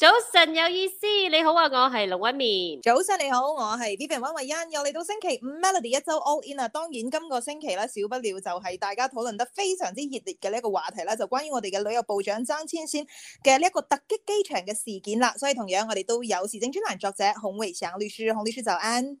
早晨有意思，你好啊，我係盧一面。早晨你好，我係 Vivian 溫慧欣，又嚟到星期五 Melody 一周 All In 啊。當然今個星期咧，少不了就係大家討論得非常之熱烈嘅呢一個話題啦，就關於我哋嘅旅遊部長張慶信嘅呢一個突擊機場嘅事件啦。所以同樣我哋都有時政專欄作者孔維祥律師，孔律師早安。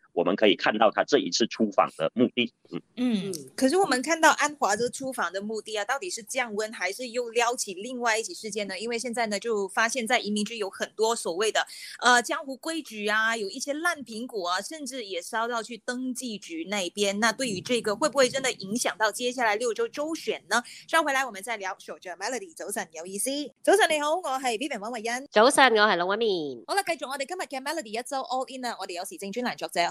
我們可以看到他這一次出訪的目的，嗯嗯，可是我們看到安華這個出訪的目的啊，到底是降温，還是又撩起另外一起事件呢？因為現在呢，就發現，在移民局有很多所謂的，呃，江湖規矩啊，有一些爛蘋果啊，甚至也燒到去登記局那邊。那對於這個，會不會真的影響到接下來六州州選呢？稍回來，我們再聊。守着 Melody，早晨有意思，早晨你好，我係 Vivian 溫慧欣，早晨我係龍威面。A、好了繼續我哋今日嘅 Melody 一周 All In 呢，我哋有時政專欄作者，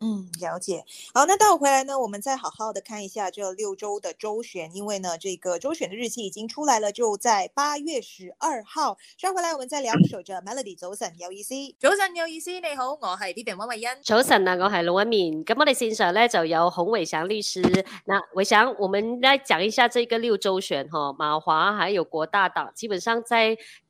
嗯，了解。好，那待會回來呢，我們再好好的看一下這六周的周選，因為呢，這個周選的日期已經出來了，就在八月十二號。上回來，我們再聊首。守着 Melody，早晨，有意思。早晨，有意思。你好，我係 B B 王慧欣。早晨啊，我係陸婉敏。咁我哋線上咧就由洪偉翔律師。那偉翔，我想我們來講一下這個六周選哈，馬華還有國大黨，基本上在。